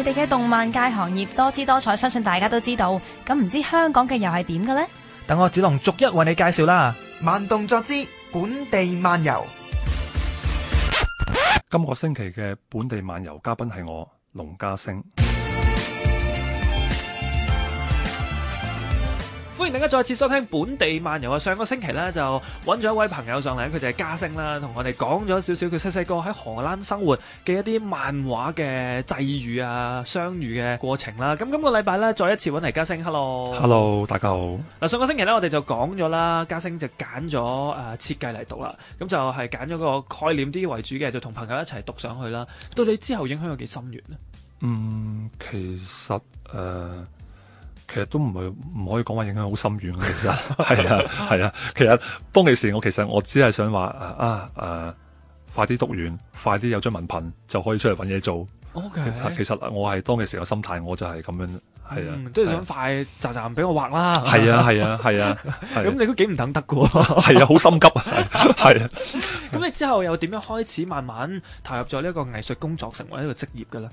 佢哋嘅動漫界行業多姿多彩，相信大家都知道。咁唔知道香港嘅又係點嘅呢？等我只能逐一為你介紹啦！慢動作之本地漫遊，今個星期嘅本地漫遊嘉賓係我龍家聲。歡迎大家再次收聽本地漫遊啊！上個星期咧就揾咗一位朋友上嚟，佢就係家聲啦，同我哋講咗少少佢細細個喺荷蘭生活嘅一啲漫畫嘅際遇啊、相遇嘅過程啦。咁今個禮拜咧，再一次揾嚟家聲，hello，hello，大家好。嗱，上個星期咧，我哋就講咗啦，家聲就揀咗誒設計嚟讀啦，咁就係揀咗個概念啲為主嘅，就同朋友一齊讀上去啦。對你之後影響有幾深遠咧？嗯，其實誒。其實都唔係唔可以講話影響好深遠嘅，其實係啊係 啊，啊。其實當其時我其實我只係想話誒啊誒、啊啊，快啲讀完，快啲有張文憑就可以出嚟搵嘢做。Okay. 其。其實我係當其時個心態，我就係咁樣。係、嗯、啊，都係想快扎扎唔俾我畫啦。係啊，係啊，係啊。咁你都幾唔等得噶喎。係啊，好、 啊、心急啊，係啊。咁 你之後又點樣開始慢慢投入咗呢一個藝術工作，成為一個職業嘅咧？誒、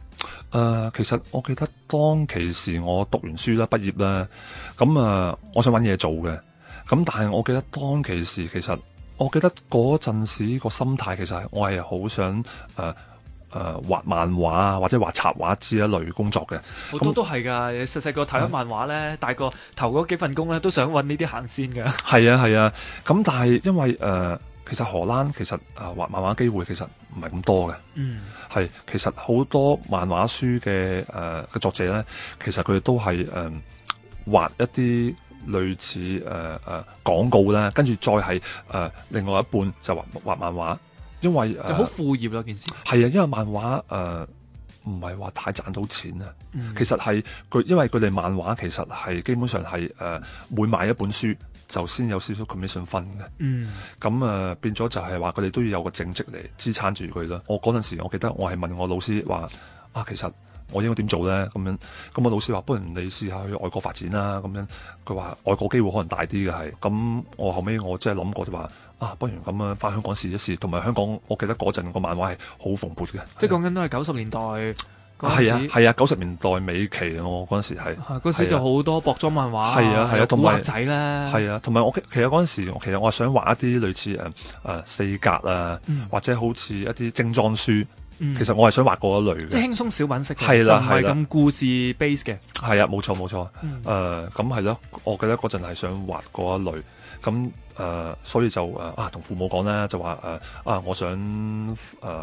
呃，其實我記得當其時我讀完書啦，畢業啦，咁啊、呃，我想搵嘢做嘅。咁但係我記得當其時，其實我記得嗰陣時個心態，其實我係好想誒。呃誒，畫、呃、漫畫啊，或者畫插畫之一類工作嘅，好多都係噶。細細個睇緊漫畫咧，啊、大個頭嗰幾份工咧，都想揾呢啲行先嘅。係啊係啊，咁、啊、但係因為誒、呃，其實荷蘭其實誒畫、呃、漫畫機會其實唔係咁多嘅。嗯，係其實好多漫畫書嘅誒嘅作者咧，其實佢哋、呃、都係誒畫一啲類似誒誒廣告啦，跟住再係誒、呃、另外一半就畫畫漫畫。因為就好副業啦，件事係啊，因為漫畫誒唔係話太賺到錢啊。嗯、其實係佢，因為佢哋漫畫其實係基本上係、呃、每買一本書就先有少少 commission 分嘅。嗯，咁誒、呃、變咗就係話佢哋都要有個正職嚟支撐住佢啦。我嗰陣時我記得我係問我老師話啊，其實。我應該點做咧？咁樣咁我老師話，不如你試下去外國發展啦。咁樣佢話外國機會可能大啲嘅係。咁我後尾我即係諗過就話，啊，不如咁樣翻香港試一試。同埋香港，我記得嗰陣個漫畫係好蓬勃嘅。即係講緊都係九十年代。係啊係啊，九十、啊、年代尾期咯，嗰、那、陣、個、時係。嗰、啊那個、時就好多博裝漫畫，係啊係啊，同埋古惑仔咧。係啊，同埋、啊、我其實嗰陣時，其實我係想畫一啲類似、呃、四格啊，嗯、或者好似一啲正裝書。嗯、其實我係想畫嗰一類嘅，即係輕鬆小品式嘅，係啦，就唔係咁故事 base 嘅。係啊，冇錯冇錯。誒，咁係咯，我記得嗰陣係想畫嗰一類咁。誒、呃，所以就誒啊，同父母講啦，就話誒啊，我想誒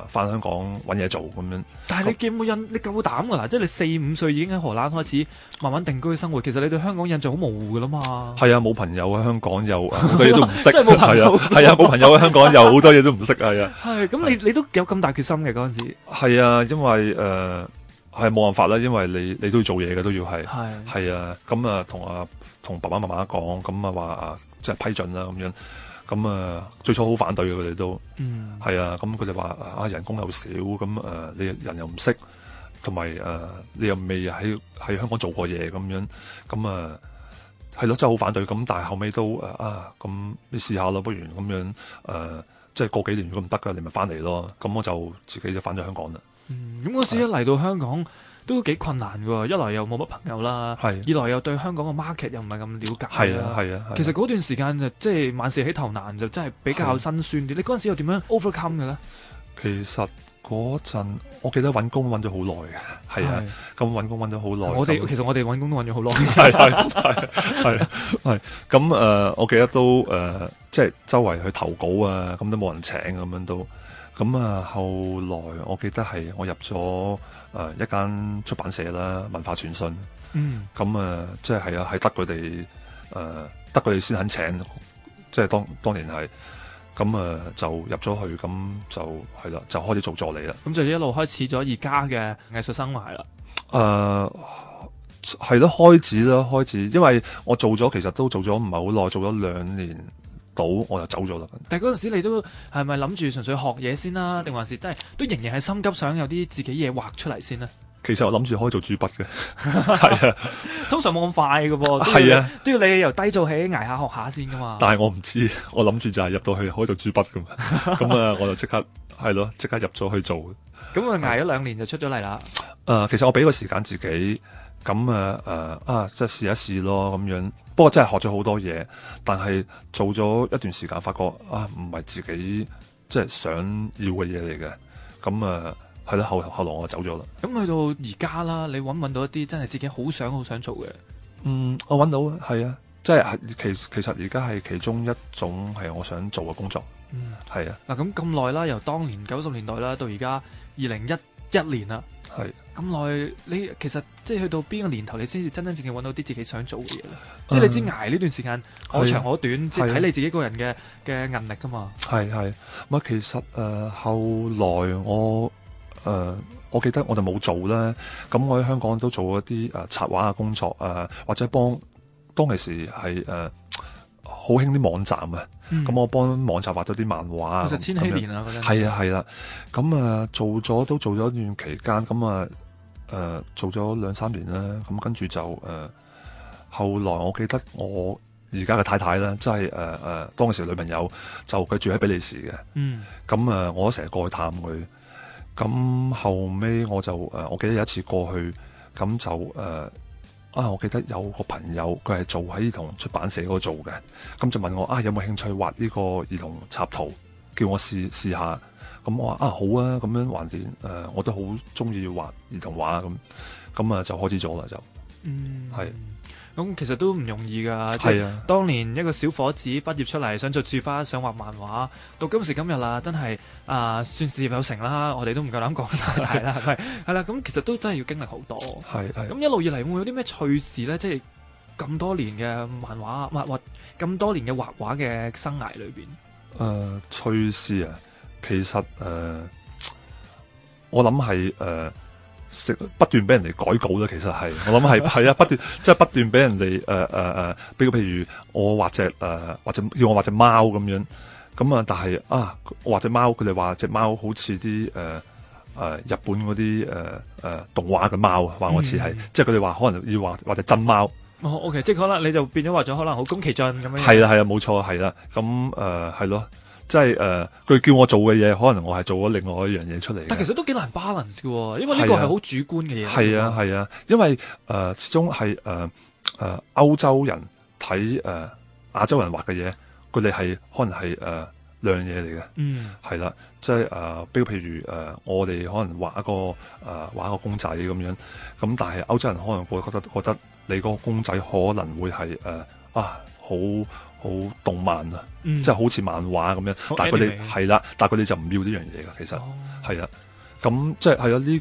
返、啊、香港揾嘢做咁樣。但係你見冇印，你夠膽噶啦，即係你四五歲已經喺荷蘭開始慢慢定居生活，其實你對香港印象好模糊噶啦嘛。係啊，冇朋友喺香港有好 多嘢都唔識，係啊，冇朋友喺、啊啊、 香港有好多嘢都唔識，係，咁、啊、 你你都有咁大決心嘅嗰陣時。係啊，因為誒。呃係冇辦法啦，因為你你都要做嘢嘅，都要係係啊，咁啊同啊同爸爸媽媽講，咁啊話即係批准啦咁樣，咁啊最初好反對嘅佢哋都，係、嗯、啊，咁佢哋話啊人工又少，咁、啊、你人又唔識，同埋、啊、你又未喺喺香港做過嘢咁樣，咁啊係咯、啊，真係好反對，咁但係後尾都啊，咁、啊啊、你試下咯，不如咁樣、啊、即係過幾年如果唔得㗎，你咪翻嚟咯，咁我就自己就返咗香港啦。嗯，咁嗰時一嚟到香港都幾困難嘅，一來又冇乜朋友啦，二來又對香港嘅 market 又唔係咁了解，係啊係啊。其實嗰段時間就即係萬事起頭難，就真係比較辛酸啲。你嗰陣時又點樣 overcome 嘅咧？其實嗰陣我記得揾工揾咗好耐嘅，係啊，咁揾工揾咗好耐。我哋其實我哋揾工都揾咗好耐。係係係咁誒，我記得都誒，即係周圍去投稿啊，咁都冇人請咁樣都。咁啊，後來我記得係我入咗誒、呃、一間出版社啦，文化傳訊，嗯，咁啊，即係係啊，係得佢哋誒，得佢哋先肯請，即係當當年係，咁啊、呃、就入咗去，咁就係啦，就開始做助理啦。咁就一路開始咗而家嘅藝術生涯啦。誒、呃，係咯，開始啦，開始，因為我做咗，其實都做咗唔係好耐，做咗兩年。到我又走咗啦。但係嗰陣時你都係咪諗住純粹學嘢先啦，啊，定還，還是都係都仍然係心急想有啲自己嘢畫出嚟先咧，啊？其實我諗住可以做主筆嘅，係 啊，通常冇咁快嘅噃。係啊，都要你由低做起，捱下學下先噶嘛。但係我唔知，我諗住就係入到去可以做主筆噶嘛。咁啊，我就即刻係咯，即刻入咗去做。咁啊，捱咗兩年就出咗嚟啦。誒，其實我俾個時間自己。咁啊，誒啊，即係試一試咯，咁樣。不過真係學咗好多嘢，但係做咗一段時間，發覺啊，唔係自己即係想要嘅嘢嚟嘅。咁啊，係啦，後後來我就走咗啦。咁、嗯、去到而家啦，你揾唔揾到一啲真係自己好想好想做嘅？嗯，我揾到，係啊，即係其其實而家係其中一種係我想做嘅工作。嗯，係啊的。嗱、嗯、咁咁耐啦，由當年九十年代啦，到而家二零一一年啦。係咁耐，你其實即係去到邊個年頭，你先至真真正正揾到啲自己想做嘅嘢，呃、即係你知捱呢段時間可，呃、長可短，呃、即係睇你自己個人嘅嘅韌力噶嘛。係係，咁啊，其實誒、呃、後來我誒、呃，我記得我就冇做咧。咁我喺香港都做一啲誒插畫嘅工作啊，呃，或者幫當其時係好興啲網站啊！咁、嗯、我幫網站畫咗啲漫畫啊，嗯、樣其實千禧年啊，嗰陣係啊係啦，咁啊、嗯、做咗都做咗一段期間，咁啊誒做咗兩三年啦，咁跟住就誒、呃、後來我記得我而家嘅太太咧，即係誒誒當嗰時女朋友，就佢住喺比利時嘅，咁啊、嗯、我成日過去探佢，咁後尾我就誒、呃，我記得有一次過去，咁就誒。呃啊！我記得有個朋友，佢係做喺兒童出版社嗰度做嘅，咁就問我啊，有冇興趣畫呢個兒童插圖，叫我試試一下。咁我話啊，好啊，咁樣還是誒，我都好中意畫兒童畫咁，咁啊就開始咗啦，就嗯係。是咁其實都唔容易噶，啊、即當年一個小伙子畢業出嚟，想做住花，想畫漫畫，到今時今日啦，真係、呃、啊，算對事業有成啦，我哋都唔夠膽講啦，係啦，係啦，咁其實都真係要經歷好多，係係、啊，咁一路以嚟會唔會有啲咩趣事咧？即係咁多年嘅漫畫，畫咁多年嘅畫畫嘅生涯裏邊，誒、呃，趣事啊，其實誒、呃，我諗係誒。呃食不斷俾人哋改稿啦，其實係，我諗係係啊，不斷即係不斷俾人哋、呃呃、比如譬如我畫隻誒、呃、畫隻，要我畫隻貓咁樣，咁啊，但係啊，我畫隻貓，佢哋話隻貓好似啲、呃、日本嗰啲誒誒動畫嘅貓啊，話我似係，嗯、即係佢哋話可能要畫隻畫隻真貓。哦，OK，即係可能你就變咗畫咗可能好宮崎駿咁樣。係啦係啦，冇錯係啦，咁誒係咯。嗯即係誒，佢，就是呃，叫我做嘅嘢，可能我係做咗另外一樣嘢出嚟。但其實都幾難 balance 嘅，因為呢個係好主觀嘅嘢。係啊係吧啊，啊，因為誒，呃，始終係誒誒歐洲人睇誒，呃，亞洲人畫嘅嘢，佢哋係可能係誒，呃，兩樣嘢嚟嘅。嗯，係啦，即係誒，呃，比如譬如誒，我哋可能畫一個誒，呃，畫個公仔咁樣，咁但係歐洲人可能會覺得覺得你個公仔可能會係誒，呃、啊。好好動漫啊，即係好似漫畫咁樣，但係佢哋係啦，但係佢哋就唔要呢樣嘢嘅。其實係啊，咁即係係啊，呢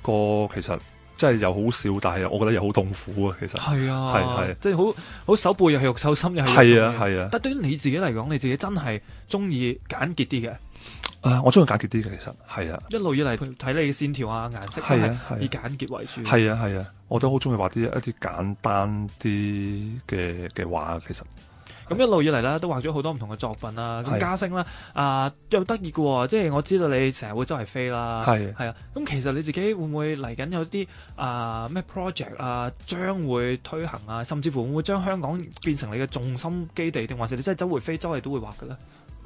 個其實即係又好笑，但係我覺得又好痛苦啊。其實係啊，係係，即係好好手背又係肉，手心又係係啊係啊。但對於你自己嚟講，你自己真係中意簡潔啲嘅。啊，我中意簡潔啲嘅，其實係啊。一路以嚟睇你嘅線條啊、顏色係啊，以簡潔為主。係啊係啊，我都好中意畫啲一啲簡單啲嘅嘅畫，其實。咁一路以嚟啦都畫咗好多唔同嘅作品啦。咁家聲啦，啊，得意嘅喎！即係我知道你成日會周圍飛啦，係啊是的。咁其實你自己會唔會嚟緊有啲啊咩、呃、project 啊，將會推行啊，甚至乎會唔會將香港變成你嘅重心基地，定還是你即係周圍飛周圍都會畫嘅咧？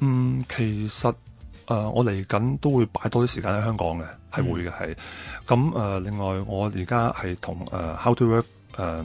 嗯，其實、呃、我嚟緊都會擺多啲時間喺香港嘅，係會嘅，係、嗯。咁、呃、另外我而家係同 How to Work、呃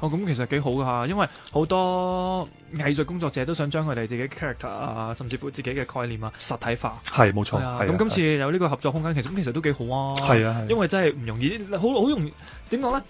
哦，咁其實幾好噶嚇，因為好多藝術工作者都想將佢哋自己 character 啊，甚至乎自己嘅概念啊，實體化。係冇錯。係啊，咁今次有呢個合作空間，其實咁其實都幾好啊。係啊，因為真係唔容易，好好容易點講咧？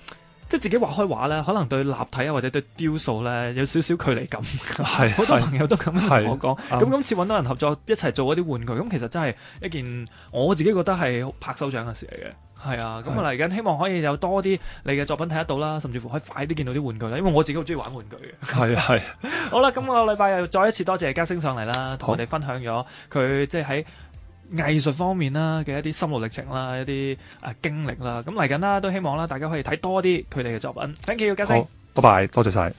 即係自己畫開畫咧，可能對立體啊，或者對雕塑咧，有少少距離感。好多朋友都咁同我講。咁今次搵到人合作一齊做嗰啲玩具，咁、嗯、其實真係一件我自己覺得係拍手掌嘅事嚟嘅。係啊，咁嚟緊希望可以有多啲你嘅作品睇得到啦，甚至乎可以快啲見到啲玩具啦。因為我自己好鍾意玩玩具嘅。係啊，係。 好啦，咁個禮拜又再一次多謝家聲上嚟啦，同我哋分享咗佢好即係喺藝術方面啦嘅一啲心路歷程啦，一啲誒、啊、經歷啦，咁嚟緊啦，都希望啦，大家可以睇多啲佢哋嘅作品。Thank you，家聲。好，拜拜，多謝晒。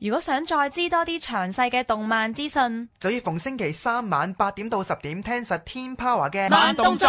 如果想再知多啲詳細嘅動漫資訊，就要逢星期三晚八點到十點聽實 Team Power 嘅慢動作。